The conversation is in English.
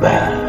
Bah.